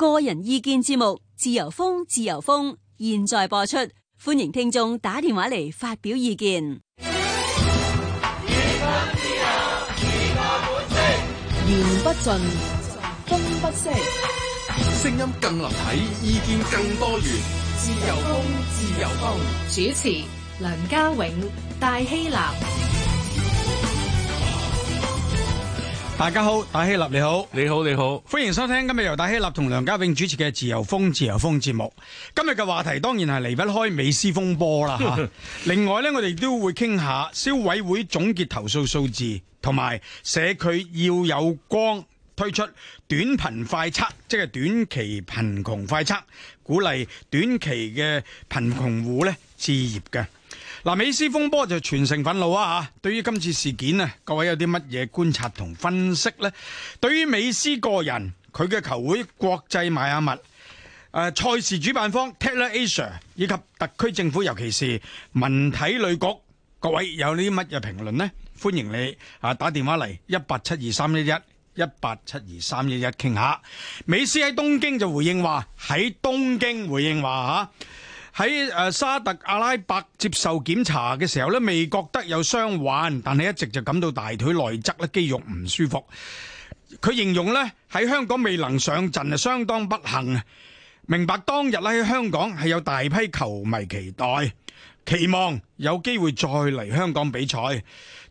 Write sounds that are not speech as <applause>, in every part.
個人意見節目，自由風，自由風，現在播出，歡迎聽眾打電話嚟發表意見。言不盡，風不息，聲音更立體，意見更多元。自由風，自由風，主持：梁家永、戴希南。大家好，戴希立，你好，你好你好，歡迎收聽今日由戴希立同梁家永主持嘅自由風自由風節目。今日嘅話題當然係離不開美斯風波啦，另外咧我哋都會傾下消委會總結投訴數字，同埋社區要有光推出短貧快測，即係短期貧窮快測，鼓勵短期嘅貧窮戶咧置業嘅。嗱，美斯風波就全城憤怒啊！嚇，對於今次事件啊，各位有啲乜嘢觀察同分析呢？對於美斯個人，佢嘅球會國際邁阿密，誒賽事主辦方 Tatler Asia 以及特區政府，尤其是文體旅局，各位有啲乜嘢評論呢？歡迎你打電話嚟一八七二三一一一八七二三一一傾下。美斯喺東京就回應話喺東京回應話喺誒沙特阿拉伯接受檢查嘅時候咧，未覺得有傷患，但係一直就感到大腿內側咧肌肉唔舒服。佢形容咧喺香港未能上陣係相當不幸。明白當日咧喺香港係有大批球迷期待，期望有機會再嚟香港比賽。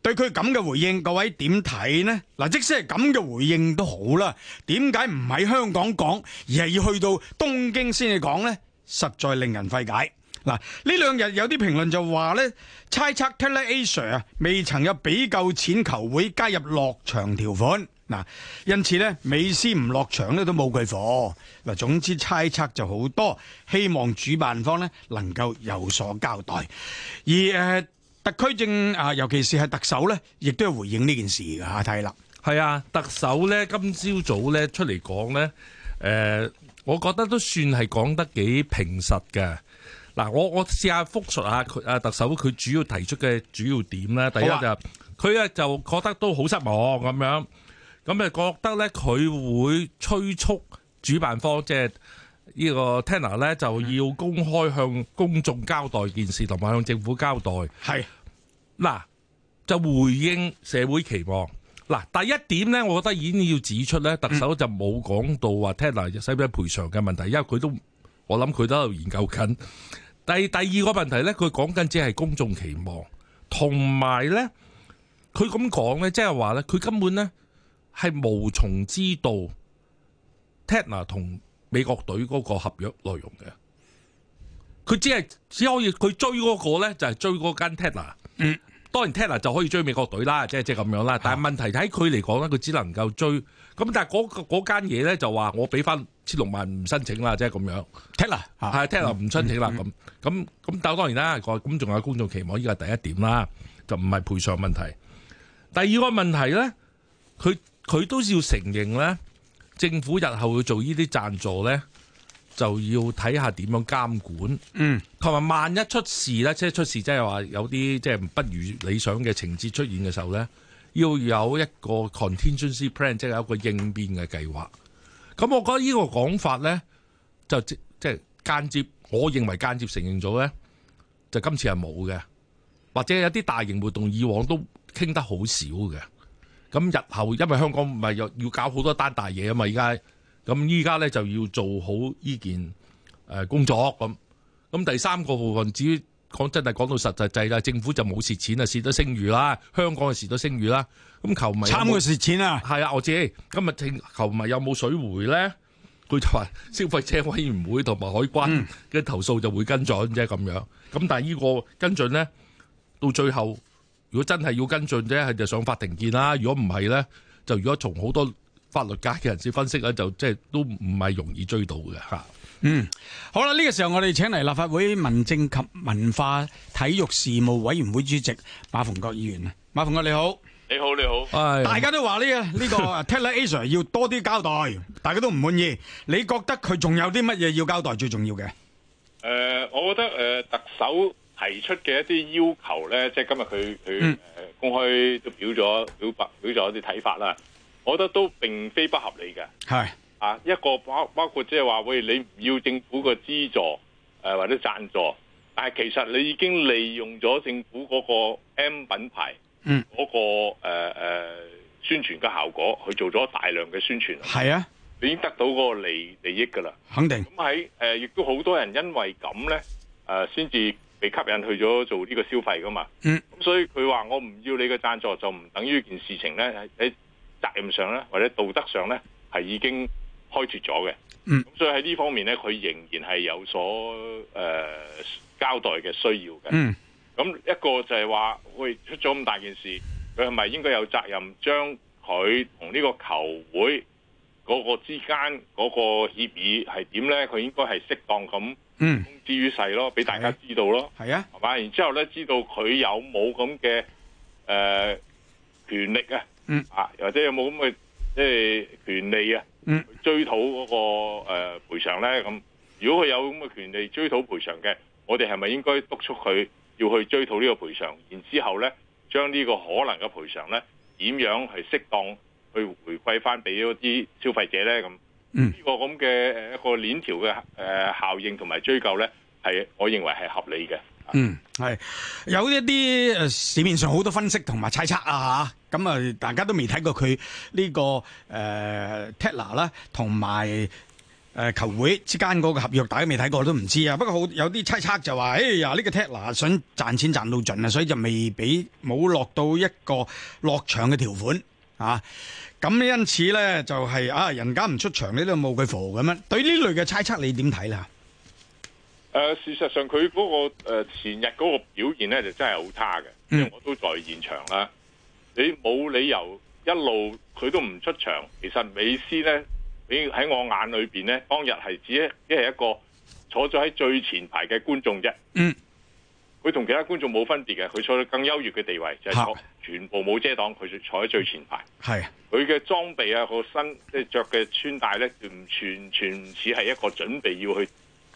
對佢咁嘅回應，各位點睇呢？嗱，即使係咁嘅回應都好啦，點解唔喺香港講，而係要去到東京先去講呢？實在令人費解。嗱，呢兩日有啲評論就話呢，猜測 Tatler Asia 未曾有俾夠錢球會加入落場條款。嗱，因此呢美斯唔落場咧都冇佢火。嗱，總之猜測就好多，希望主辦方咧能夠有所交代。而誒、呃，特區政啊，尤其是係特首呢，亦都有回應呢件事吓。睇吓啦，係啊，特首呢，今朝早呢出嚟講呢。誒、呃。我覺得都算係講得幾平實嘅。嗱，我我試下復述下佢啊，特首佢主要提出嘅主要點咧，第一就佢咧就覺得都好失望咁樣，咁誒覺得咧佢會催促主辦方即係呢個 Tanner 咧就要公開向公眾交代件事，同埋向政府交代。係嗱是，就回應社會期望。嗱，第一點咧，我覺得已經要指出咧，特首就冇講到話 Tatler 使唔使賠償嘅問題，因為佢都，我諗佢都喺度研究緊。第第二個問題咧，佢講緊只係公眾期望，同埋咧，佢咁講咧，即係話咧，佢根本咧係無從知道 Tatler 同美國隊嗰個合約內容嘅。佢只係只可以佢追嗰個咧，就係追嗰間 Tatler 嗯。當然 Tatler 就可以追美國隊啦，即係即係咁樣啦。但係問題喺佢嚟講咧，佢只能夠追。咁但係嗰個嗰間嘢咧就話我俾翻千六萬唔申請啦，即係咁樣。Tatler 係 Tatler 唔申請啦。咁咁咁，但係當然啦，咁仲有公眾期望，依個係第一點啦，就唔係賠償問題。第二個問題咧，佢佢都要承認咧，政府日後會做依啲贊助咧。就要睇下點樣監管，同埋、嗯、萬一出事咧，即係出事，即係話有啲即係不如理想嘅情節出現嘅時候咧，要有一個 contingency plan，即係有一個應變嘅計劃。咁我覺得呢個講法咧，就即即、即係、間接，我認為間接承認咗咧，就今次係冇嘅，或者有啲大型活動以往都傾得好少嘅。咁日後因為香港唔係又要搞好多單大嘢啊嘛，而家。咁依家咧就要做好依件誒工作咁。咁第三個部分至於講真係講到實際制啦，政府就冇蝕錢啊，蝕得聲譽啦，香港就蝕得聲譽啦。咁球迷參與蝕錢啊，係啊，我知。今日聽球迷有冇水回咧？佢就話消費者委員會同埋海關嘅投訴就會跟進啫咁、嗯、樣。咁但係呢個跟進咧，到最後如果真係要跟進啫，係就上法庭見啦。如果唔係咧，就如果從好多，法律界嘅人士分析咧，就即係都唔係容易追到嘅吓，嗯，好啦，呢、這個時候我哋請嚟立法會民政及文化體育事務委員會主席馬逢國議員啊，馬逢國你好，你好，你好你好，係、哎，大家都話呢、這個呢、這個 Teller Asia 要多啲交代， <laughs> 大家都唔滿意，你覺得佢仲有啲乜嘢要交代最重要嘅？誒、呃，我覺得誒、呃，特首提出嘅一啲要求咧，即、就、係、是、今日佢佢誒公開都表咗表白表咗一啲睇法啦。我覺得都並非不合理嘅，係啊，一個包包括即係話喂，你唔要政府個資助，誒或者贊助，但係其實你已經利用咗政府嗰個 M 品牌，嗯，嗰個誒、呃、誒宣傳嘅效果去做咗大量嘅宣傳，係啊，你已經得到嗰個利利益噶啦，肯定咁喺誒亦都好多人因為咁咧誒，先至被吸引去咗做呢個消費噶嘛，嗯，咁所以佢話我唔要你嘅贊助，就唔等於件事情咧，責任上咧，或者道德上咧，係已經開脱咗嘅。嗯，所以喺呢方面咧，佢仍然係有所誒交代嘅需要嘅。嗯，咁一個就係話，喂，出咗咁大件事，佢係咪應該有責任將佢同呢個球會嗰個之間嗰個協議係點咧？佢應該係適當咁通知於世公之於世咯，俾、嗯、大家知道咯。係啊，嘛、啊，然之後咧，知道佢有冇咁嘅誒權力啊？嗯，啊，或者有冇咁嘅即係權利啊？嗯，追討嗰個誒賠償咧咁，如果佢有咁嘅權利追討賠償嘅，我哋係咪應該督促佢要去追討呢個賠償，然之後咧將呢個可能嘅賠償咧點樣係適當去回饋翻俾啲消費者咧咁？呢個咁嘅一個鏈條嘅誒效應同埋追究咧，係我認為係合理嘅。嗯，係有一啲誒、呃，市面上好多分析同埋猜測啊吓，咁啊，大家都未睇過佢呢、這個誒、呃、Tatler 啦，同埋誒球會之間嗰個合約，大家未睇過都唔知啊。不過好有啲猜測就話，哎呀，呢、這個 Tatler 想賺錢賺到盡啊，所以就未俾冇落到一個落場嘅條款啊。咁、啊、因此咧，就係、是、啊，人家唔出場你都冇佢符。咁樣。對呢類嘅猜測，你點睇啦？誒、呃，事實上佢、嗰個誒、呃、前日嗰個表現咧，就真係好差嘅。因為、嗯、我都在現場啦，你冇理由一路佢都唔出場。其實美斯咧，你喺我眼裏邊咧，當日係只係一個坐咗喺最前排嘅觀眾啫。嗯，佢同其他觀眾冇分別嘅，佢坐得更優越嘅地位，就係、是、坐是的全部冇遮擋，佢坐喺最前排。係的，佢嘅裝備啊，個身即係着嘅穿戴咧，唔全全唔似係一個準備要去。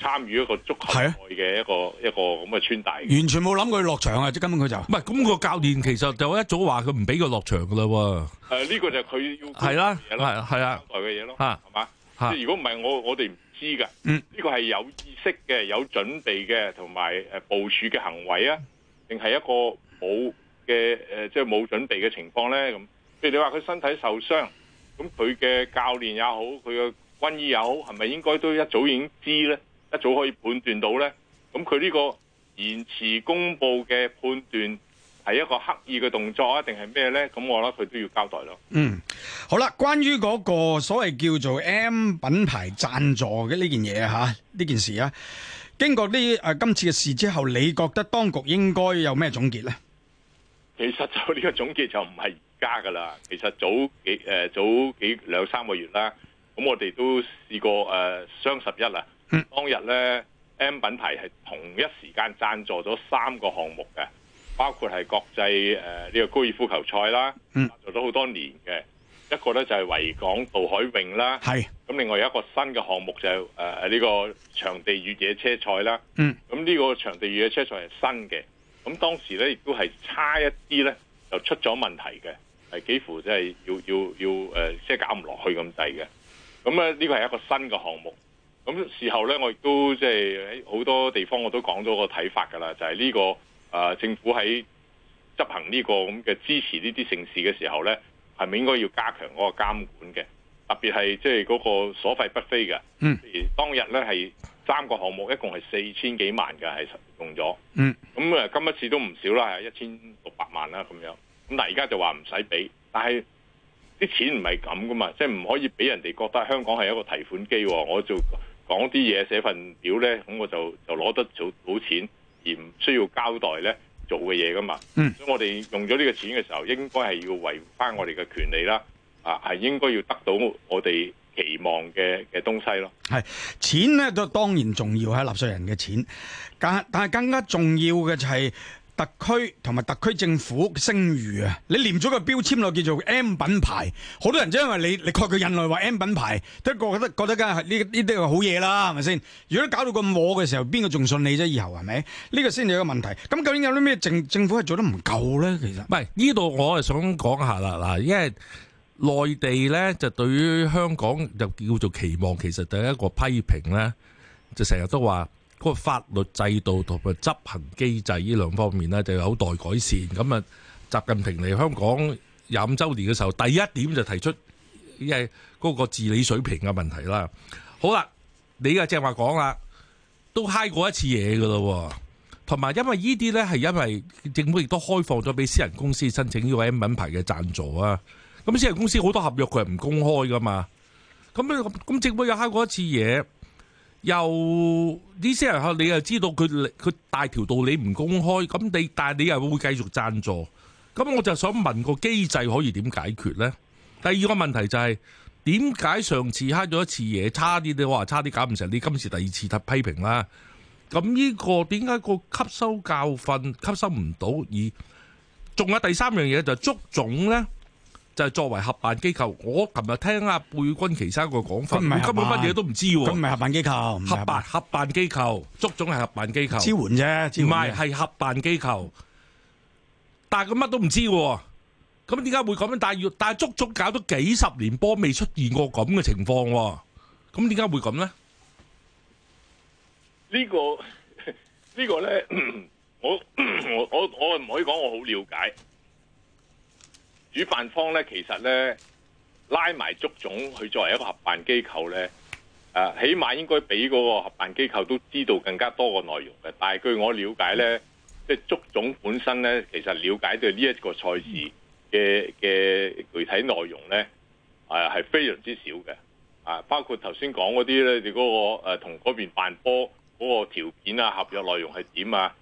參與一個足球賽嘅一個、啊、一個咁嘅村大，完全冇諗佢落場啊！即根本佢就唔係咁，個教練，其實就一早話佢唔俾佢落場㗎啦喎。呢、啊呢個就佢要係啦，係啦，係啊，交代嘅嘢咯嚇，係嘛？即係如果唔係我我哋唔知㗎。嗯，呢個係有意識嘅、有準備嘅，同埋誒部署嘅行為啊，定係一個冇嘅誒，即係冇準備嘅情況咧咁。譬如你話佢身體受傷，咁佢嘅教練也好，佢嘅軍醫也好，係咪應該都一早已經知咧？一早可以判斷到呢？咁佢呢個延遲公佈嘅判斷係一個刻意嘅動作啊，定係咩呢？咁我覺得佢都要交代咯。嗯，好啦，關於嗰個所謂叫做 M 品牌贊助嘅呢件嘢嚇，呢件事啊這件事，經過呢誒今次嘅事之後，你覺得當局應該有咩總結呢？其實就呢、這個總結就唔係而家噶啦，其實早幾誒、呃、早幾兩三個月啦，咁我哋都試過誒雙、呃、十一啊。嗯、當日咧，M 品牌係同一時間贊助咗三個項目嘅，包括係國際誒呢個高爾夫球賽啦，嗯、做咗好多年嘅。一個咧就係維港渡海泳啦，係是。咁另外有一個新嘅項目就誒、是、呢、呃這個場地越野車賽啦。嗯。咁呢個場地越野車賽係新嘅，咁當時咧亦都係差一啲咧，就出咗問題嘅，係幾乎即係要要要誒，即、呃、係搞唔落去咁滯嘅。咁啊，呢個係一個新嘅項目。咁事後咧，我亦都即係喺好多地方我都講咗個睇法噶啦，就係呢個呃政府喺執行呢個咁嘅支持呢啲城市嘅時候咧，係咪應該要加強嗰個監管嘅？特別係即係嗰個所費不菲嘅。嗯，當日咧係三個項目，一共係四千幾萬嘅，係用咗。嗯，咁今一次都唔少啦，係一千六百萬啦咁樣。咁但係而家就話唔使俾，但係啲錢唔係咁噶嘛，即係唔可以俾人哋覺得香港係一個提款機。哦。我做。講啲嘢，寫份表咧，咁我就就攞得到錢，而唔需要交代咧做嘅嘢噶嘛。嗯，所以我哋用咗呢個錢嘅時候，應該係要維護翻我哋嘅權利啦。啊，係應該要得到我哋期望嘅嘅東西咯。係錢咧，都當然重要，係納稅人嘅錢。但但係更加重要嘅就係。特區同埋特區政府聲譽啊！你黏咗個標籤落叫做 M 品牌，好多人即係因為你你確佢人來話 M 品牌，得個覺得覺得梗係呢呢啲係好嘢啦，係咪先？如果搞到咁我嘅時候，邊個仲信你啫？以後係咪？呢、呢個先有個問題。咁究竟有啲咩政政府係做得唔夠咧？其實唔係呢度，我係想講下啦嗱，因為內地咧就對於香港就叫做期望，其實第一個批評咧就成日都話。個法律制度同埋執行機制呢兩方面呢，就有待改善。咁啊，習近平嚟香港廿五周年嘅時候，第一點就提出一係嗰個治理水平嘅問題啦。好啦，你啊正話講啦，都揩過一次嘢噶咯，同埋因為呢啲呢，係因為政府亦都開放咗俾私人公司申請呢個 M 品牌嘅贊助啊。咁私人公司好多合約佢唔公開噶嘛，咁咁政府又揩過一次嘢。又呢些人，你又知道佢佢大條道理，你唔公開咁，你但係你又會繼續贊助咁，我就想問個機制可以點解決咧？第二個問題就係點解上次黑咗一次嘢，差啲你話差啲搞唔成，你今次第二次批評啦？咁呢個點解個吸收教訓吸收唔到，而仲有第三樣嘢就係足總咧？就係作為合辦機構，我琴日聽阿貝鈞奇生個講法，唔係根本乜嘢都唔知，佢唔係合辦機構唔係合辦合辦，合辦機係合辦機構，足總係合辦機構，支援啫，唔係係合辦機構，但係佢乜都唔知，咁點解會咁樣？但係但係足總搞咗幾十年波，未出現過咁嘅情況，咁點解會咁咧？呢、呢個呢個呢個咧，我我我我唔可以講，我好了解。主辦方咧，其實咧拉埋足總去作為一個合辦機構咧，誒、啊、起碼應該俾嗰個合辦機構都知道更加多嘅內容嘅。但係據我了解咧，即係足總本身咧，其實了解到呢一個賽事嘅嘅具體內容咧，係、啊、係非常之少嘅。啊，包括頭先講嗰啲咧，你、那、嗰個同嗰、啊、邊辦波嗰個條件啊、合約內容係點啊，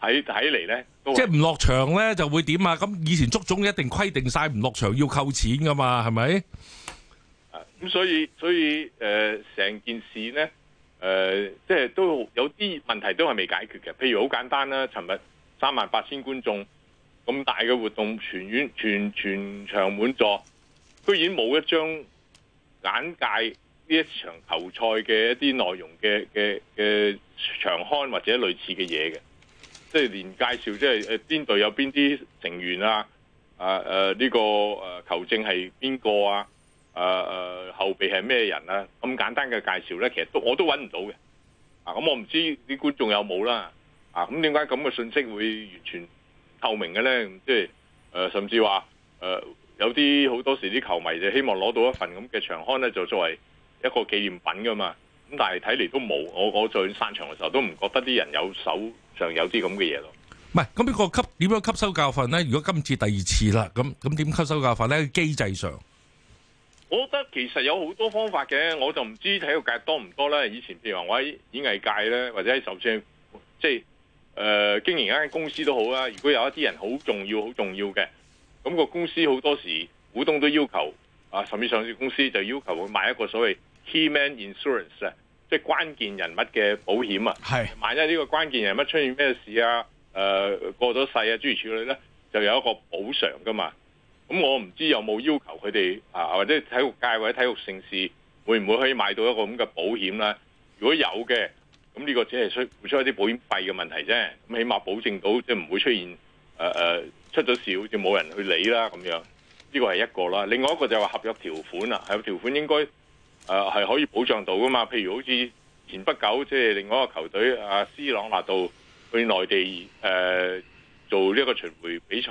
喺睇嚟咧。即係唔落場咧，就會點啊？咁以前足總一定規定晒唔落場要扣錢㗎嘛，係咪？咁、嗯、所以所以誒，成、呃、件事呢，誒、呃，即係都有啲問題都係未解決嘅。譬如好簡單啦，尋日三萬八千觀眾咁大嘅活動，全院全全場滿座，居然冇一張簡介呢一場球賽嘅一啲內容嘅嘅嘅場刊或者類似嘅嘢嘅。即係連介紹，即係邊隊有邊啲成員啊？誒誒呢個誒球證係邊個啊？誒、啊、誒後備係咩人啊？咁簡單嘅介紹咧，其實都我都揾唔到嘅啊。咁我唔知啲觀眾有冇啦啊？咁點解咁嘅信息會完全透明嘅咧？即係誒、啊，甚至話誒、啊、有啲好多時啲球迷就希望攞到一份咁嘅場刊咧，就作為一個紀念品噶嘛。咁但係睇嚟都冇我，我再散場嘅時候都唔覺得啲人有手。上有啲咁嘅嘢咯，唔係咁呢個吸點樣吸收教訓咧？如果今次第二次啦，咁咁點吸收教訓咧？機制上，我覺得其實有好多方法嘅，我就唔知體育界多唔多咧。以前譬如話我喺演藝界咧，或者喺就算即係誒經營一間公司都好啦。如果有一啲人好重要、好重要嘅，咁個公司好多時股東都要求啊，甚至上市公司就要求會買一個所謂 Key Man Insurance。即係關鍵人物嘅保險啊，係是，萬一呢個關鍵人物出現咩事啊，誒、呃，過咗世啊，諸如此類呢，就有一個補償噶嘛。咁我唔知有冇要求佢哋啊，或者體育界或者體育盛事會唔會可以買到一個咁嘅保險咧，啊？如果有嘅，咁呢個只係出會出一啲保險費嘅問題啫。咁起碼保證到即唔會出現誒誒、呃、出咗事，好似冇人去理啦咁樣。呢個係一個啦。另外一個就係話合約條款啊，合約條款應該。誒，係、呃、可以保障到噶嘛？譬如好似前不久，即、就、係、是、另外一個球隊阿 C 朗拿度去內地誒、呃、做呢個巡迴比賽，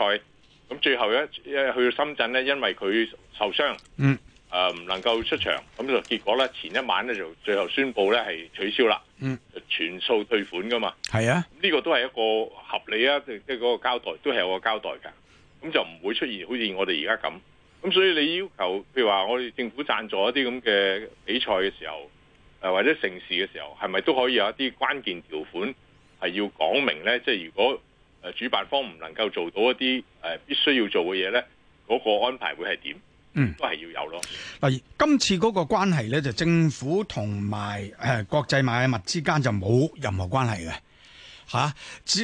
咁最後呢，一去到深圳咧，因為佢受傷，嗯、呃，誒唔能夠出場，咁就結果咧，前一晚咧就最後宣布咧係取消啦，嗯，全數退款噶嘛，係啊，呢個都係一個合理啊，即係嗰個交代，都係有個交代噶，咁就唔會出現好似我哋而家咁。咁所以你要求，譬如話我哋政府讚助一啲咁嘅比賽嘅時候，誒或者盛事嘅時候，係咪都可以有一啲關鍵條款係要講明咧？即係如果誒主辦方唔能夠做到一啲誒必須要做嘅嘢咧，嗰個安排會係點，是嗯，都係要有咯。嗱，今次嗰個關係咧，就政府同埋誒國際邁阿密之間就冇任何關係嘅。吓、啊，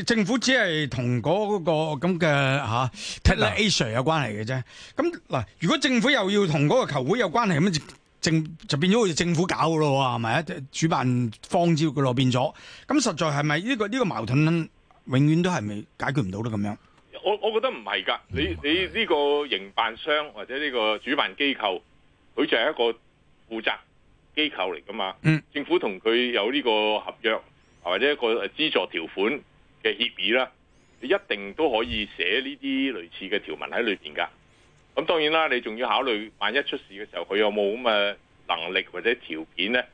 政府只係同嗰個咁嘅吓 teleasure 有關係嘅啫。咁嗱，如果政府又要同嗰個球會有關係，咁政就，就變咗好似政府搞嘅咯，係咪啊？主辦方招佢落變咗。咁實在係咪呢個呢，呢個矛盾永遠都係咪解決唔到咧？咁樣，我我覺得唔係噶。你你呢個營辦商或者呢個主辦機構，佢就係一個負責機構嚟噶嘛。嗯，政府同佢有呢個合約。或者一個資助條款嘅協議啦，你一定都可以寫呢啲類似嘅條文喺裏邊噶。咁當然啦，你仲要考慮，萬一出事嘅時候，佢有冇咁嘅能力或者條件咧，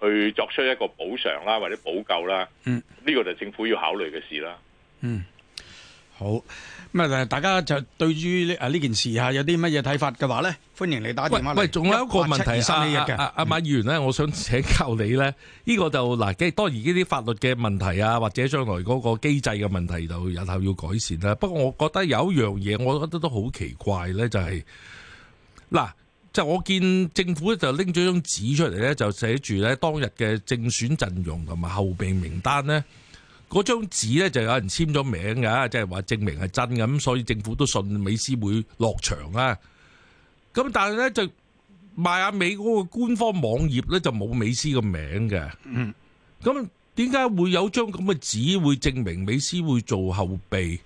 去作出一個補償啦，或者補救啦。嗯，呢個就政府要考慮嘅事啦。嗯，好。大家就對於呢啊呢件事下有啲乜嘢睇法嘅話咧，歡迎你打電話。喂喂，仲有一個問題生、嗯、啊！阿阿馬議員咧，我想請教你咧，呢、呢個就嗱，當然呢啲法律嘅問題啊，或者將來嗰個機制嘅問題，就日後要改善啦。不過我覺得有一樣嘢，我覺得都好奇怪咧，就係、是、嗱，就我見政府呢，就拎咗張紙出嚟咧，就寫住咧當日嘅正選陣容同埋後備名單咧。嗰張紙咧就有人簽咗名嘅，即係話證明係真嘅，咁所以政府都信美斯會落場啊。咁但係咧就賣阿美嗰個官方網頁咧就冇美斯個名嘅。嗯。咁點解會有張咁嘅紙會證明美斯會做後備？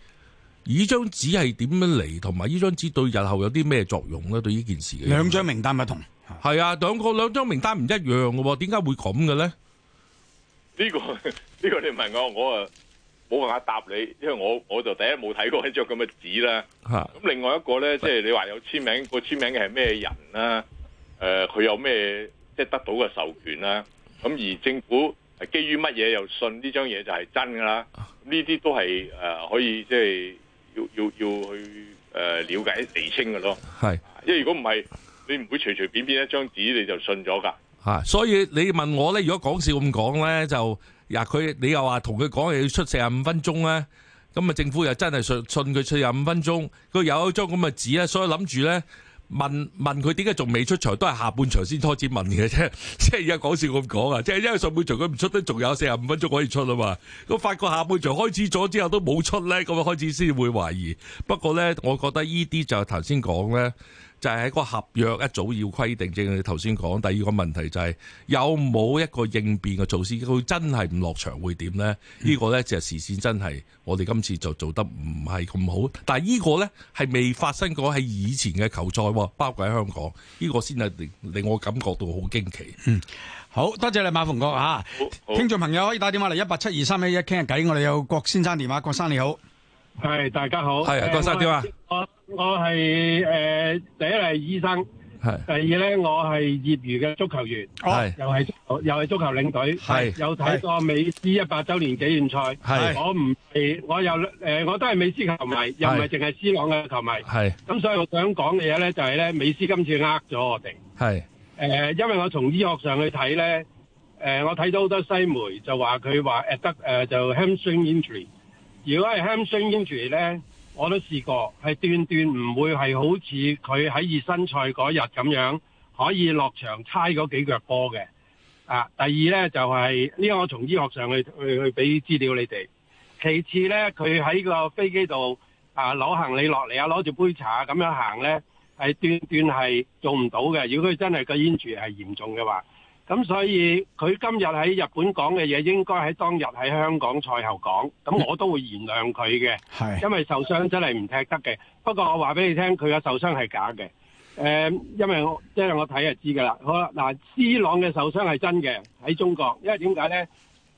而呢張紙係點樣嚟？同埋呢張紙對日後有啲咩作用咧？對呢件事？兩張名單不同。係啊，兩個兩張名單唔一樣嘅，點解會咁嘅咧？呢個。呢個你問我，我啊冇辦法答你，因為我我就第一冇睇過一張咁嘅紙啦。咁另外一個咧，即係你話有簽名，個簽名係咩人啦？誒，佢有咩即係得到嘅授權啦？咁而政府係基於乜嘢又信呢張嘢就係真噶啦？呢啲都係誒可以即係要要要去誒了解理清嘅咯。係，因為如果唔係，你唔會隨隨便便一張紙你就信咗噶。啊！所以你問我咧，如果講笑咁講咧，就呀佢你又話同佢講要出四十五分鐘咧，咁啊政府又真係信信佢出四十五分鐘，佢有一張咁嘅紙咧，所以諗住咧問問佢點解仲未出場，都係下半場先開始問嘅啫，即係而家講笑咁講啊，即係因為上半場佢唔出得，仲有四十五分鐘可以出啊嘛，咁發覺下半場開始咗之後都冇出咧，咁啊開始先會懷疑。不過咧，我覺得依啲就頭先講咧。就係喺個合約一早要規定，正、就、如、是、你頭先講。第二個問題就係有冇一個應變嘅措施？佢真係唔落場會點呢？呢、嗯、個呢，就係事先真係我哋今次就做得唔係咁好。但係呢個呢，係未發生過喺以前嘅球賽，包括喺香港，呢、這個先係令，令我感覺到好驚奇。嗯、好多謝你馬逢國嚇，聽眾朋友可以打電話嚟一八七二三一一傾下偈。我哋有郭先生電話，郭生你好。係大家好，係郭生點啊？我係誒，第一位醫生，係第二咧我係業餘嘅足球員，係又係又係足球領隊，係又睇過美斯一百周年紀念賽，係我唔係我又誒我都係美斯球迷，又唔係淨係 C 朗嘅球迷，係咁所以我想講嘅嘢咧就係咧美斯今次呃咗我哋，係誒因為我從醫學上去睇咧誒我睇到好多西媒就話佢話得誒就 Hamstring injury，如果係 Hamstring injury 咧。我都試過，係斷斷唔會係好似佢喺熱身賽嗰日咁樣可以落場猜嗰幾腳波嘅。啊，第二呢，就係呢個，我從醫學上去去去俾資料你哋。其次呢，佢喺個飛機度啊攞行李落嚟啊，攞住杯茶咁樣行呢，係斷斷係做唔到嘅。如果佢真係個 injury 係嚴重嘅話。咁所以佢今日喺日本講嘅嘢，應該喺當日喺香港賽後講。咁我都會原諒佢嘅，係因為受傷真係唔踢得嘅。不過我話俾你聽，佢嘅受傷係假嘅。誒，因為我即係我睇就知噶啦。好啦，嗱，C 朗嘅受傷係真嘅，喺中國。因為點解咧？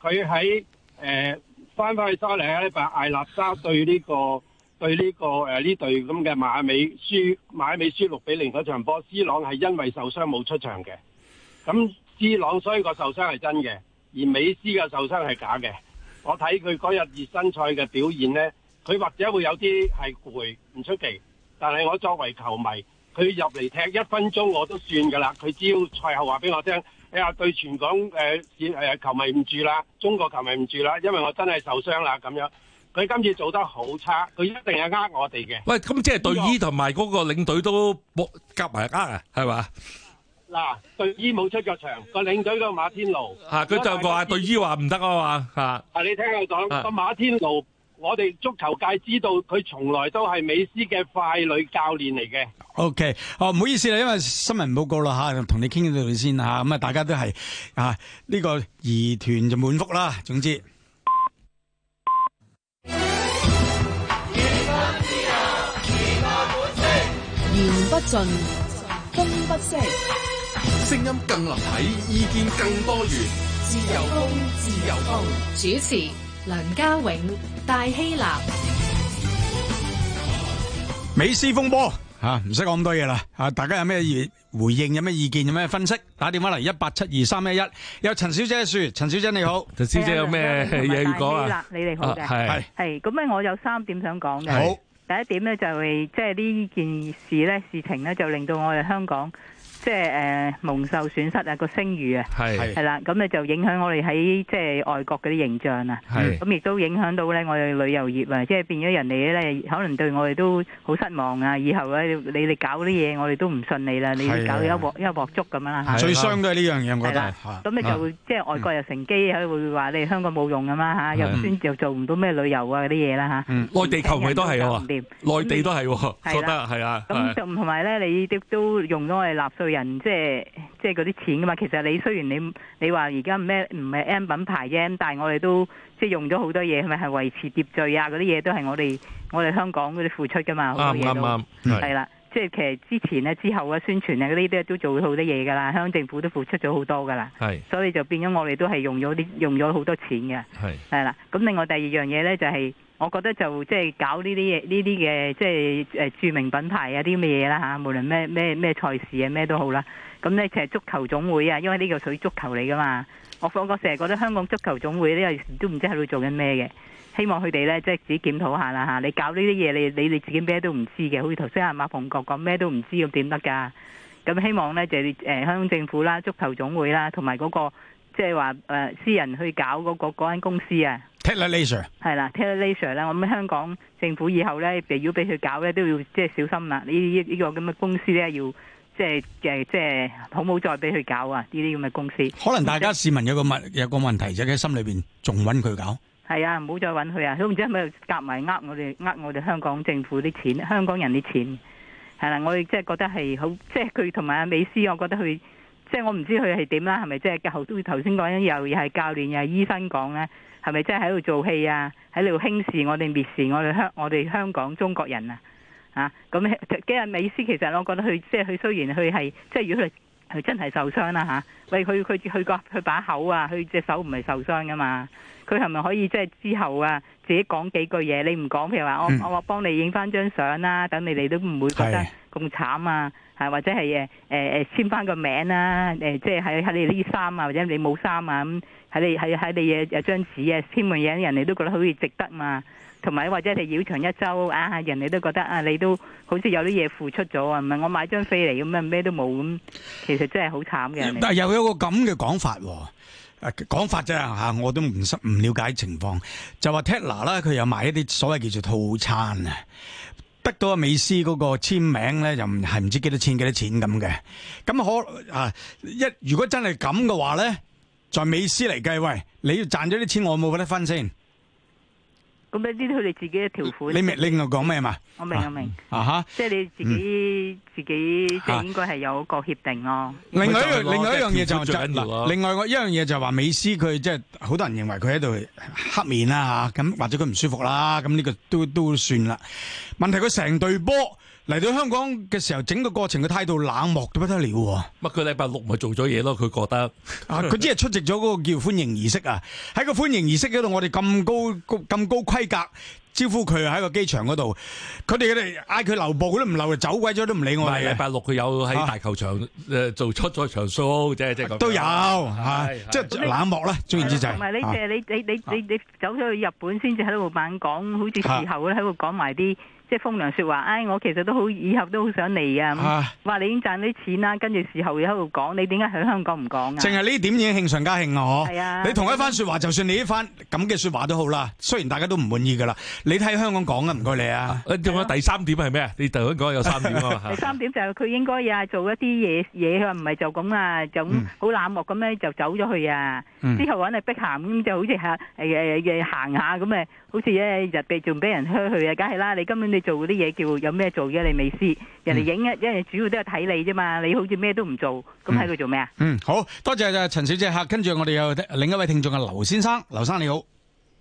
佢喺誒翻翻去沙地阿拉伯艾納沙對呢個對呢個誒呢隊咁嘅馬尾輸馬尾輸六比零嗰場波，C 朗係因為受傷冇出場嘅。咁斯朗所以個受傷係真嘅，而美斯嘅受傷係假嘅。我睇佢嗰日熱身賽嘅表現咧，佢或者會有啲係攰，唔出奇。但係我作為球迷，佢入嚟踢一分鐘我都算噶啦。佢只要賽後話俾我聽，哎呀，對全港誒市誒球迷唔住啦，中國球迷唔住啦，因為我真係受傷啦咁樣。佢今次做得好差，佢一定係呃我哋嘅。喂，咁即係隊醫同埋嗰個領隊都夾埋呃啊，係嘛？嗱，隊醫冇出腳場，個領隊個馬天奴吓，佢、啊、就話隊醫話唔得啊嘛吓、啊啊。你聽佢講個馬天奴，我哋足球界知道佢從來都係美斯嘅快女教練嚟嘅。OK，哦，唔好意思啦，因為新聞報告啦吓，同、啊、你傾到呢度先吓，咁啊，大家都係啊呢、這個疑團就滿腹啦，總之言不盡，分不息。聲音更立體，意見更多元。自由風，自由風。主持：梁家永、戴希南。美斯風波吓，唔使講咁多嘢啦。吓、啊，大家有咩回應？有咩意見？有咩分析？打電話嚟一八七二三一一。11, 有陳小姐說：，陳小姐你好， <laughs> 陳小姐 <laughs> 有咩嘢要講啊？你哋好嘅，係係。咁咧，我有三點想講嘅。好，第一點咧就係即係呢件事咧，事情咧就令到我哋香港。即係誒蒙受損失啊，個聲譽啊，係係啦，咁咧就影響我哋喺即係外國嗰啲形象啊，係咁亦都影響到咧我哋旅遊業啊，即係變咗人哋咧可能對我哋都好失望啊，以後咧你哋搞啲嘢我哋都唔信你啦，你哋搞一鑊一鑊粥咁樣啦，最傷都係呢樣嘢，我覺得。咁咧就即係外國又乘機喺會話你香港冇用㗎嘛嚇，又宣又做唔到咩旅遊啊嗰啲嘢啦嚇。內地球迷都係喎，內地都係，覺得係啊。咁同埋咧，你亦都用咗我哋納稅。人即係即係嗰啲錢噶嘛。其實你雖然你你話而家咩唔係 M 品牌嘅，但係我哋都即係用咗好多嘢，係咪係維持秩序啊？嗰啲嘢都係我哋我哋香港啲付出噶嘛。好對多嘢都係啦，即係其實之前咧，之後啊，宣傳啊，嗰啲都都做咗好多嘢噶啦。香港政府都付出咗好多噶啦，係對所以就變咗我哋都係用咗啲用咗好多錢嘅係係啦。咁對另外第二樣嘢咧就係，是。我覺得就即係搞呢啲嘢，呢啲嘅即係誒著名品牌啊，啲咩嘢啦嚇，無論咩咩咩賽事啊，咩都好啦。咁咧其實足球總會啊，因為呢個屬於足球嚟噶嘛。我我個成日覺得香港足球總會呢個都唔知喺度做緊咩嘅。希望佢哋咧即係自己檢討下啦嚇。你搞呢啲嘢，你你自己咩都唔知嘅，好似頭先阿馬逢國講咩都唔知咁點得㗎？咁希望咧就誒香港政府啦、足球總會啦，同埋嗰個即係話誒私人去搞嗰間公司啊。Taylor Asia 係啦，Tatler Asia 啦，我諗香港政府以後咧，譬如如果俾佢搞咧，都要即係小心啦。呢呢呢個咁嘅公司咧，要即係誒，即係好唔好再俾佢搞啊？呢啲咁嘅公司，可能大家市民有個問有個問題啫，喺心裏邊仲揾佢搞係啊，唔好再揾佢啊！都唔知係咪夾埋呃我哋，呃我哋香港政府啲錢，香港人啲錢係啦，我亦即係覺得係好，即係佢同埋阿美斯，我覺得佢即係我唔知佢係點啦，係咪即係後都頭先講緊又又係教練又係醫生講咧？係咪真係喺度做戲啊？喺度輕視我哋、蔑視我哋香、我哋香港中國人啊？啊！咁今日美斯，其實我覺得佢即係佢雖然佢係即係如果係。佢真係受傷啦嚇，喂，佢佢佢個佢把口啊，佢隻手唔係受傷㗎嘛，佢係咪可以即係之後啊，自己講幾句嘢？你唔講，譬如話我我我幫你影返張相啦，等你哋都唔會覺得咁慘啊，係是或者係誒誒誒簽返個名啊。誒、呃、即係喺喺你啲衫啊，或者你冇衫啊咁，喺你喺喺你嘢有張紙啊，簽份嘢，人哋都覺得好似值得嘛。同埋或者你繞場一周，啊，人哋都覺得啊，你都好似有啲嘢付出咗啊，唔係我買張飛嚟咁咩咩都冇咁，其實真係好慘嘅。但係又有一個咁嘅講法喎，講法啫嚇，我都唔唔瞭解情況。就話 Tina 啦，佢又買一啲所謂叫做套餐啊，得到阿美斯嗰個簽名咧，就唔係唔知幾多錢幾多錢咁嘅。咁可啊，一如果真係咁嘅話咧，在美斯嚟計，喂，你要賺咗啲錢，我冇得分先。咁你知佢哋自己嘅條款？你明，另外講咩嘛？我明，我明、啊啊。啊哈！即係你自己，嗯、自己即係應該係有個協定咯。另外一樣，另外一樣嘢就係，嗱，另外一樣嘢就係話，美斯佢即係好多人認為佢喺度黑面啦、啊、咁或者佢唔舒服啦、啊，咁呢個都都算啦。問題佢成隊波。嚟到香港嘅時候，整個過程嘅態度冷漠到不得了。乜佢禮拜六咪做咗嘢咯？佢覺得啊，佢只係出席咗嗰個叫歡迎儀式啊。喺個歡迎儀式嗰度，我哋咁高咁高規格招呼佢喺個機場嗰度。佢哋佢哋嗌佢留步，佢都唔留，走鬼咗都唔理我哋。唔係禮拜六佢有喺大球場誒做出咗場 show，即係即係咁。都有嚇，即係冷漠啦，總之就係。唔係你誒？你你你你你走咗去日本先至喺度講，好似事後咧喺度講埋啲。即係風涼說話，哎，我其實都好，以後都好想嚟啊！話你已經賺啲錢啦，跟住事後又喺度講，你點解喺香港唔講啊？淨係呢點已經慶上加慶啊！係啊，你同一番說話，就算你呢番咁嘅說話都好啦，雖然大家都唔滿意噶啦，你睇香港講啊，唔該你啊。仲有，第三點係咩啊？你頭先講有三點啊。第三點就係佢應該啊做一啲嘢嘢，佢唔係就咁啊，就咁好冷漠咁咧就走咗去啊，之後玩嚟碧咸咁，就好似吓誒誒誒行下咁啊，好似咧入邊仲俾人噓去啊，梗係啦，你根本你。做嗰啲嘢叫有咩做啫？你未知，人哋影一，因為主要都係睇你啫嘛。你好似咩都唔做，咁喺度做咩啊？嗯，好多謝陳小姐哈。跟住我哋又另一位聽眾嘅劉先生，劉生你好，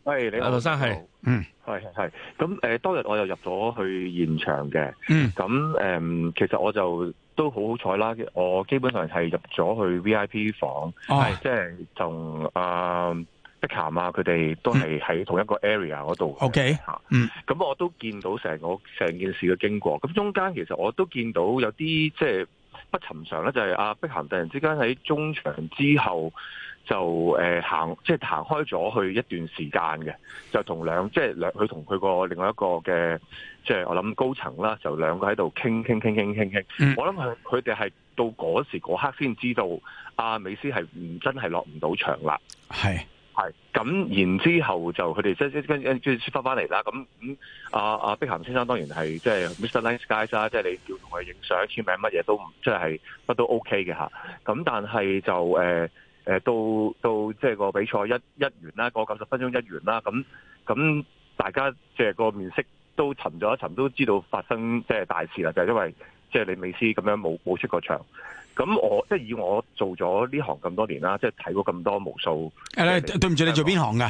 喂，你好，劉生係，嗯，係係。咁誒，當日我又入咗去現場嘅，咁誒，其實我就都好好彩啦。我基本上係入咗去 VIP 房，係即係同阿。碧咸啊，佢哋都係喺同一個 area 度。OK，吓，嗯，咁我都見到成個成件事嘅經過。咁中間其實我都見到有啲即係不尋常咧，就係、是、阿、就是啊、碧咸突然之間喺中場之後就誒、呃、行，即係行開咗去一段時間嘅，就同兩即係兩佢同佢個另外一個嘅，即、就、係、是、我諗高層啦，就兩個喺度傾傾傾傾傾傾。嗯、我諗佢佢哋係到嗰時嗰刻先知道阿、啊、美斯係唔真係落唔到場啦。係。係，咁然之後就佢哋即即跟跟即係翻翻嚟啦。咁咁阿阿碧咸先生當然係即係 Mr. Nice Guy 啦，即係你要同佢影相、簽名乜嘢都唔即係乜都 O K 嘅嚇。咁但係就誒誒、呃、到到即係個比賽一一完啦，個九十分鐘一完啦。咁咁大家即係個面色都沉咗一沉，都知道發生即係大事啦。就係、因為即係你美斯咁樣冇冇出過場。咁我即係以我做咗呢行咁多年啦，即係睇過咁多無數。誒、哎，對唔住，你做邊行噶？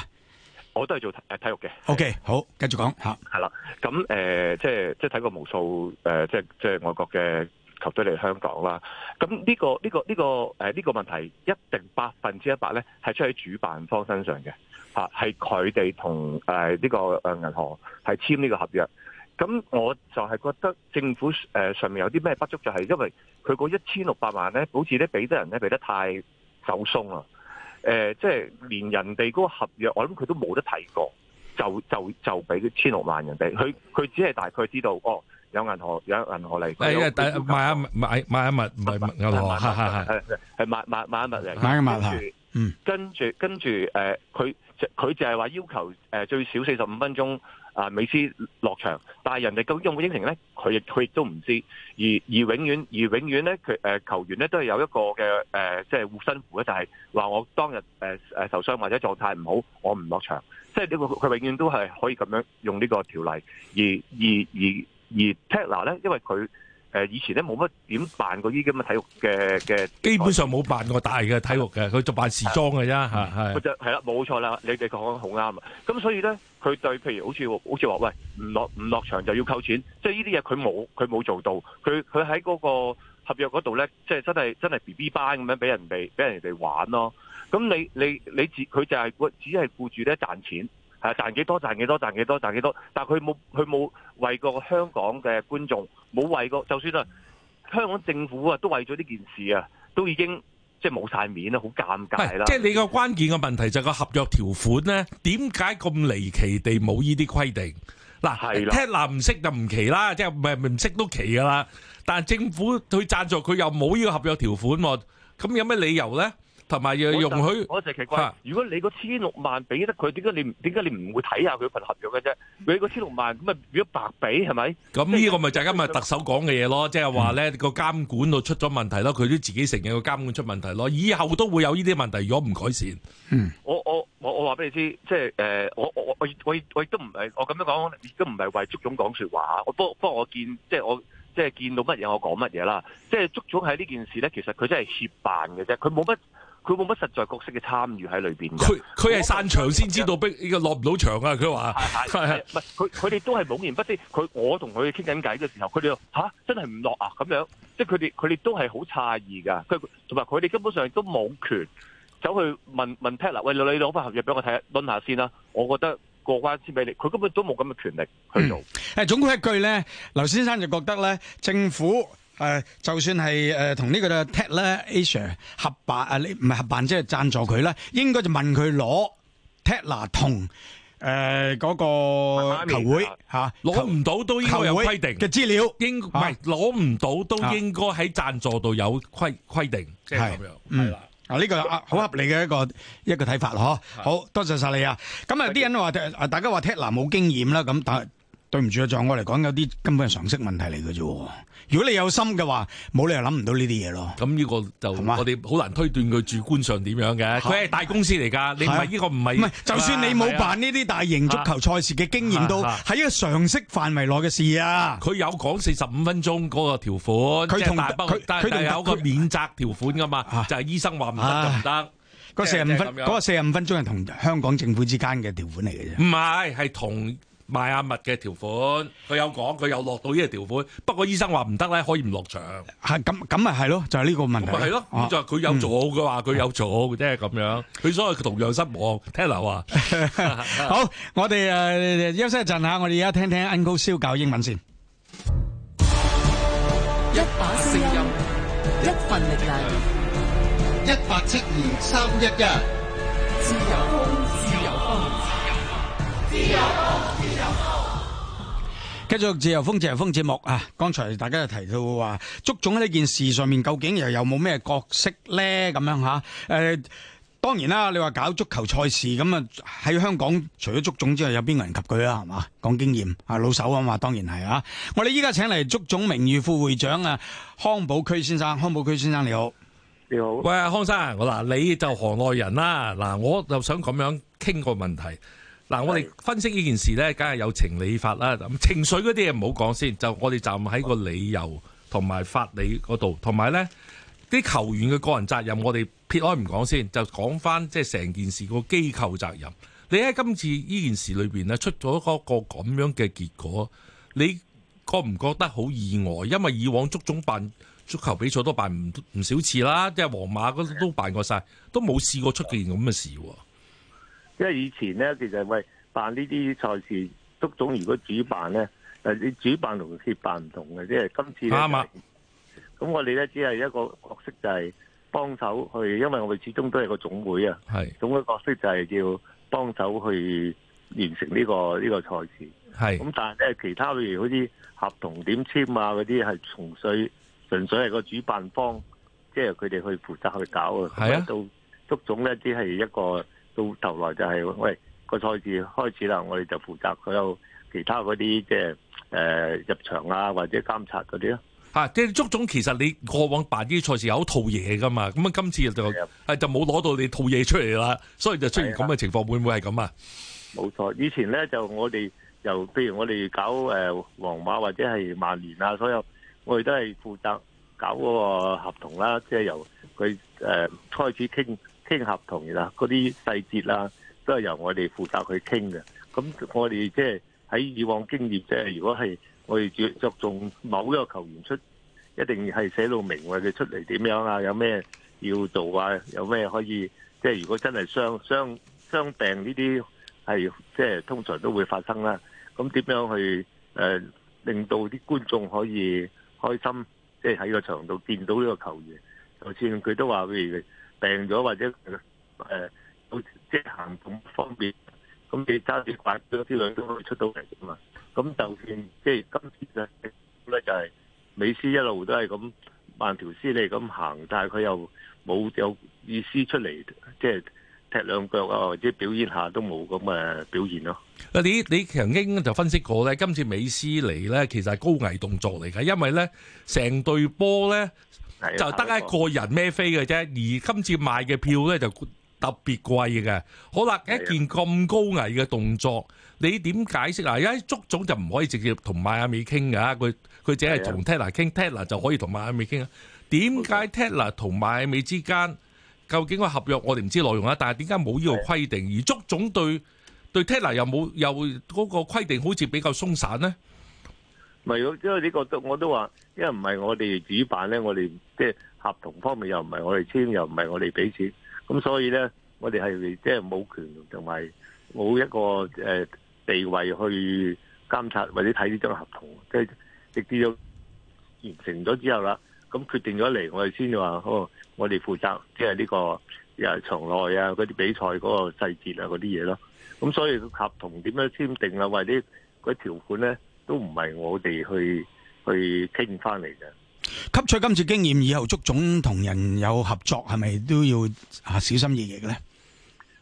我都係做誒體育嘅。OK，好，繼續講吓，係啦。咁、呃、即係即係睇過無數、呃、即係即係外國嘅球隊嚟香港啦。咁呢個呢個呢個呃呢個問題一定百分之一百咧，係出喺主辦方身上嘅吓，係佢哋同誒呢個誒銀行係簽呢個合約。咁我就係覺得政府誒上面有啲咩不足，就係因為佢嗰一千六百萬咧，好似咧俾得人咧俾得太走鬆啦。誒，即係連人哋嗰個合約，我諗佢都冇得提過，就就就俾千六萬人哋。佢佢只係大概知道，哦，有銀行有銀行嚟。誒，買啊買買啊物買銀行，係係係係買買買物嚟。買一物係，嗯，跟住跟住誒，佢佢、呃、就係話要求誒最少四十五分鐘。啊！美斯落場，但係人哋究竟有冇應承呢？佢佢都唔知道，而而永遠而永遠咧，佢誒球員呢都係有一個嘅誒，即係護身符咧，就係、是、話、就是、我當日誒誒、呃呃、受傷或者狀態唔好，我唔落場，即係呢個佢永遠都係可以咁樣用呢個條例，而而而而 Terry 咧，因為佢。誒、呃、以前咧冇乜點辦過呢啲咁嘅體育嘅嘅，基本上冇辦過大嘅體育嘅，佢就的辦時裝嘅啫嚇，係。佢就係啦，冇錯啦，你哋講得好啱啊！咁所以咧，佢對譬如好似好似話喂，唔落唔落場就要扣錢，即係呢啲嘢佢冇佢冇做到，佢佢喺嗰個合約嗰度咧，即係真係真係 BB 班咁樣俾人哋俾人哋玩咯。咁你你你自佢就係、是、只係顧住咧賺錢。係賺幾多賺幾多賺幾多賺幾多，但係佢冇佢冇為過香港嘅觀眾，冇為過就算啊香港政府啊，都為咗呢件事啊，都已經即係冇晒面啦，好尷尬啦。唔係，即係你個關鍵嘅問題就係個合約條款咧，點解咁離奇地冇依啲規定？嗱，Tata 唔識就唔奇啦，即係唔係唔識都奇噶啦。但係政府去贊助佢又冇依個合約條款，咁有咩理由咧？同埋要容許我，我就奇怪，如果你嗰千六萬俾得佢，點解你點解你唔會睇下佢份合約嘅啫？佢嗰千六萬咁咪如果白俾係咪？咁呢個咪就係今日特首講嘅嘢咯，即係話咧個監管度出咗問題咯，佢都自己承認個監管出問題咯，以後都會有呢啲問題，如果唔改善，嗯我，我我我我話俾你知，即係誒，我我我我都我都唔係我咁樣講，都唔係為足總講説話，不不過我，我見即係我即係見到乜嘢我講乜嘢啦，即係足總喺呢件事咧，其實佢真係協辦嘅啫，佢冇乜。佢冇乜實在角色嘅參與喺裏邊。佢佢係散場先知道，逼呢個落唔到場啊！佢話係係唔係？佢佢哋都係懵然不知。佢我同佢傾緊偈嘅時候，佢哋嚇真係唔落啊！咁樣即係佢哋佢哋都係好詫異㗎。佢同埋佢哋根本上都冇權走去問問 Pat 啦。喂，你攞份合約俾我睇下，攆下先啦。我覺得過關先俾你。佢根本都冇咁嘅權力去做。誒，總括一句咧，劉先生就覺得咧，政府。誒、呃，就算係誒同呢個 Tatler Asia 合辦啊，唔係合辦，即係贊助佢啦，應該就問佢攞 Tatler 同誒嗰個媽媽、啊、球會攞唔、啊、到都應該有規定嘅資料，唔係攞唔到都應該喺贊助度有規定，即係咁樣。是嗯，了啊呢、呢個啊好合理嘅一個一個睇法，嗬、啊。好的多謝晒你啊。咁啊，啲人話、呃、大家話 Tatler 冇經驗啦，咁但。對唔住啊，在我嚟講有啲根本係常識問題嚟嘅啫。如果你有心嘅話，冇理由諗唔到呢啲嘢咯。咁呢個就我哋好難推斷佢主觀上點樣嘅。佢係大公司嚟噶，你唔係呢個唔係。唔係就算你冇辦呢啲大型足球賽事嘅經驗，都喺一個常識範圍內嘅事啊。佢有講四十五分鐘嗰個條款，佢同佢佢有個免責條款噶嘛，就係醫生話唔得就唔得。佢四十五分嗰個四十五分鐘係同香港政府之間嘅條款嚟嘅啫。唔係係同。賣邁阿密嘅條款，佢有講，佢有落到呢個條款。不過醫生話唔得咧，可以唔落場。係咁咁咪係咯，就係呢個問題。咪係咯，就係佢有做嘅話，佢有做即係咁樣。佢所以同樣失望。聽話：好，我哋誒休息一陣下，我哋而家聽聽 Uncle 蕭教英文先。一把聲音，一份力量，一八七二三一一，自由，自由，自由，自由。繼續自由風自由風節目啊！剛才大家就提到話足總喺呢件事上面究竟又有冇咩角色咧？咁樣吓誒、啊，當然啦！你話搞足球賽事咁啊，喺香港除咗足總之外，有邊個人及佢啦？係嘛，講經驗啊，老手啊嘛，當然係啊！我哋依家請嚟足總名譽副會長啊康寶駒先生，康寶駒先生你好，你好，你好喂，康生嗱，你就河內人啦、啊、嗱，我就想咁樣傾個問題。嗱，我哋分析呢件事呢，梗係有情理法啦。咁情緒嗰啲嘢唔好講先，就我哋站喺個理由同埋法理嗰度，同埋呢啲球員嘅個人責任，我哋撇開唔講先，就講翻即係成件事個機構責任。你喺今次呢件事裏面呢，出咗嗰個咁樣嘅結果，你覺唔覺得好意外？因為以往足總辦足球比賽都辦唔唔少次啦，即係皇馬嗰都辦過晒，都冇試過出件咁嘅事喎，啊。因為以前咧，其實喂辦呢啲賽事，足總如果主辦咧，誒，你主辦同協辦唔同嘅，即係今次呢、就是。啱咁，吧我哋咧只係一個角色，就係幫手去，因為我哋始終都係個總會啊。係是。總會角色就係叫幫手去完成呢、這個呢、這個賽事。係是。咁但係其他譬如好似合同點簽啊嗰啲，係純粹純粹係個主辦方，即係佢哋去負責去搞啊。係啊。到足總咧，只係一個。到頭來就係，是，喂個賽事開始啦，我哋就負責佢，有其他嗰啲即係誒入場啊或者監察嗰啲咯。嚇、啊，即係足總其實你過往辦啲賽事有套嘢㗎嘛，咁啊今次就係的就冇攞到你套嘢出嚟啦，所以就出現咁嘅情況，的會唔會係咁啊？冇錯，以前呢就我哋由，譬如我哋搞誒皇、呃、馬或者係曼聯啊，所有我哋都係負責搞嗰個合同啦，即、就、係、是、由佢誒、呃、開始傾。傾合同啊，嗰啲細節啦，都係由我哋負責去傾嘅。咁我哋即係喺以往經驗，即係如果係我哋主要着重某一個球員出，一定係寫到明或者出嚟點樣啊，有咩要做啊，有咩可以即係如果真係傷傷傷病呢啲係即係通常都會發生啦。咁點樣去誒令到啲觀眾可以開心，即係喺個場度見到呢個球員？就算佢都話譬如。病咗或者誒，即、呃、係行咁方便，咁你揸住拐嗰啲兩公分出到嚟㗎嘛？咁就算即係今次咧，就係、是就是、美斯一路都係咁慢條斯理咁行，但係佢又冇有，有意思出嚟即係。就是踢兩腳啊，或者表演下都冇咁誒表現咯。嗱，你你曾經就分析過咧，今次美斯嚟咧，其實係高危動作嚟嘅，因為咧成隊波咧就得一個人孭飛嘅啫。而今次賣嘅票咧就特別貴嘅。好啦，一件咁高危嘅動作，你點解釋呀？因為足總就唔可以直接同馬亞美傾噶，佢佢只係同 Tatler 傾，Tatler 就可以同馬亞美傾啊。點解 Tatler 同馬亞美之間？究竟個合約我哋唔知內容啦，但係點解冇呢個規定，而足總對對 Tatler 又冇又嗰個規定，好似比較鬆散咧？唔係，因為呢個我都話，因為唔係我哋主辦咧，我哋即係合同方面又唔係我哋簽，又唔係我哋俾錢，咁所以咧，我哋係即係冇權同埋冇一個誒地位去監察或者睇呢張合同，即係直至到完成咗之後啦。咁、嗯、決定咗嚟，我哋先至話哦，我哋負責即係呢、呢個誒場內啊嗰啲比賽嗰個細節啊嗰啲嘢咯。咁、啊嗯、所以合同點樣簽訂啦、啊，或者嗰條款咧，都唔係我哋去去傾翻嚟嘅。吸取今次經驗，以後足總同人有合作，係咪都要啊小心翼翼嘅咧？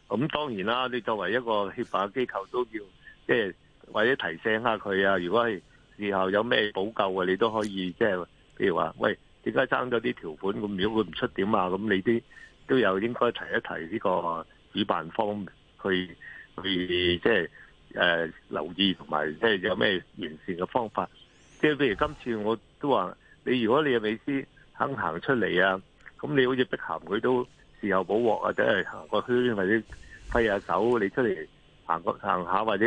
咁、嗯、當然啦，你作為一個協辦機構，都要即係或者提醒下佢啊。如果係以後有咩補救嘅、啊，你都可以即係譬如話喂。而家爭咗啲條款，咁如果佢唔出點啊，咁你啲都有應該提一提呢個主辦方去，去去即係誒留意同埋即係有咩完善嘅方法。即係譬如今次我都話，你如果你嘅美斯肯行出嚟啊，咁你好似碧咸佢都事後補鑊或者係行個圈或者揮下手，你出嚟行個行下或者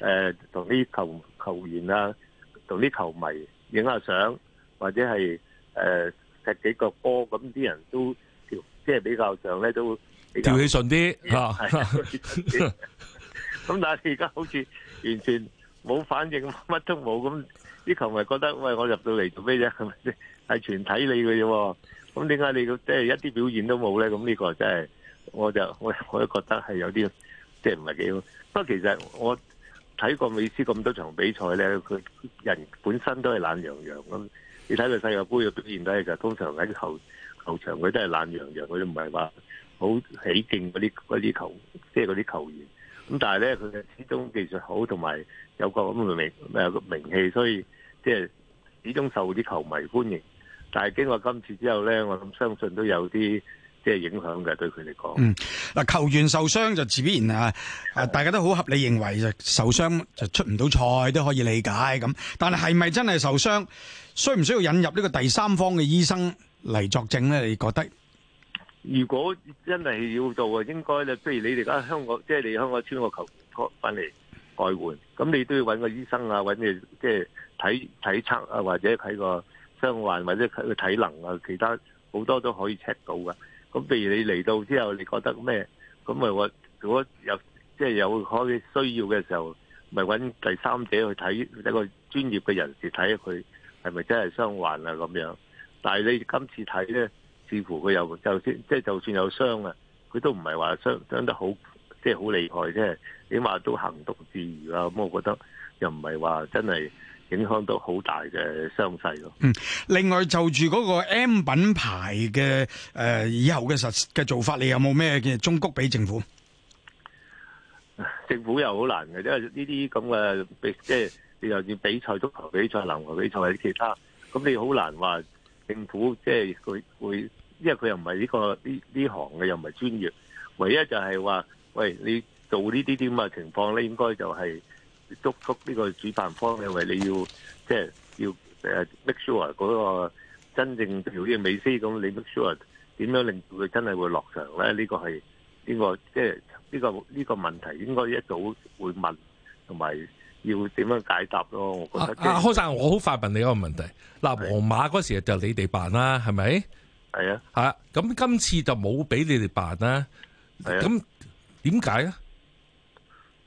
誒同啲球球員啊，同啲球迷影下相或者係誒、呃，踢幾個波，咁啲人都跳即係比較上咧，都比較跳起順啲，咁但係而家好似完全冇反應，乜都冇咁，啲球迷覺得喂，我入到嚟做咩啫？係咪先？係全睇你嘅啫，咁點解你即係一啲表現都冇咧？咁呢個真係，我就我我都覺得係有啲即係唔係幾好。不過其實我睇過美斯咁多場比賽咧，佢人本身都係懶洋洋咁。你睇佢世界杯嘅表現，睇就通常喺球球場，佢都係懶洋洋，佢唔係話好起勁嗰啲啲球，即係嗰啲球員。咁但係咧，佢始終技術好，同埋有個咁嘅名有個名氣，所以即係始終受啲球迷歡迎。但係經過今次之後咧，我諗相信都有啲。即係影響嘅，對佢嚟講。嗯，嗱，球員受傷就自然啊，的大家都好合理認為就受傷就出唔到賽都可以理解咁。但係係咪真係受傷，需唔需要引入呢個第三方嘅醫生嚟作證咧？你覺得？如果真係要做啊，應該咧，譬如你而家香港，即係你香港穿個球拖翻嚟外援，咁你都要揾個醫生啊，揾嘅即係體體測啊，或者睇個傷患，或者睇個體能啊，其他好多都可以 check 到噶咁譬如你嚟到之後，你覺得咩？咁咪話，如果有即係有可以需要嘅時候，咪揾第三者去睇一個專業嘅人士睇佢係咪真係傷患啊？咁樣，但係你今次睇咧，似乎佢有就即係就算有傷啊，佢都唔係話傷傷得好即係好厲害啫。你話都行動自如啦，咁我覺得又唔係話真係。影響到好大嘅傷勢咯。嗯，另外就住嗰個 M 品牌嘅，誒，以後嘅實嘅做法，你有冇咩嘅忠告俾政府？政府又好難嘅，因為呢啲咁嘅比即係你又要比賽，足球比賽、籃球比賽或者其他，咁你好難話政府即係佢會，因為佢又唔係呢個呢呢行嘅，又唔係專業。唯一就係話，喂，你做呢啲啲咁嘅情況咧，應該就係。督促呢個主辦方，因為你要即係、就是、要誒 make sure 嗰個真正，好似美斯咁，你 make sure 點樣令到佢真係會落場咧？呢、嗯、個係呢、這個即係呢個呢、這個問題，應該一早會問同埋要點樣解答咯。我覺得，康生、啊就是、我好快問你一個問題。嗱，皇馬嗰時就你哋辦啦，係咪？係啊。嚇、啊！咁今次就冇俾你哋辦啦。係啊。咁點解咧？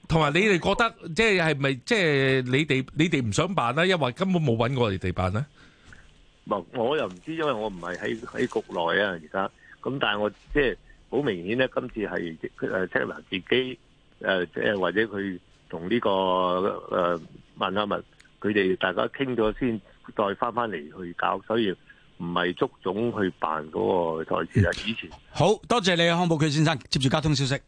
同埋你哋覺得即係係咪即係你哋你哋唔想辦咧，抑或根本冇揾我哋哋辦咧？唔，我又唔知，因為我唔係喺喺局內啊，而家咁，但係我即係好明顯咧，今次係誒 Tesla 自己誒，即係或者佢同呢個誒問下問佢哋，大家傾咗先，再翻翻嚟去搞，所以唔係足總去辦嗰個賽事啊。以前好多謝你，康寶駒先生。接住交通消息。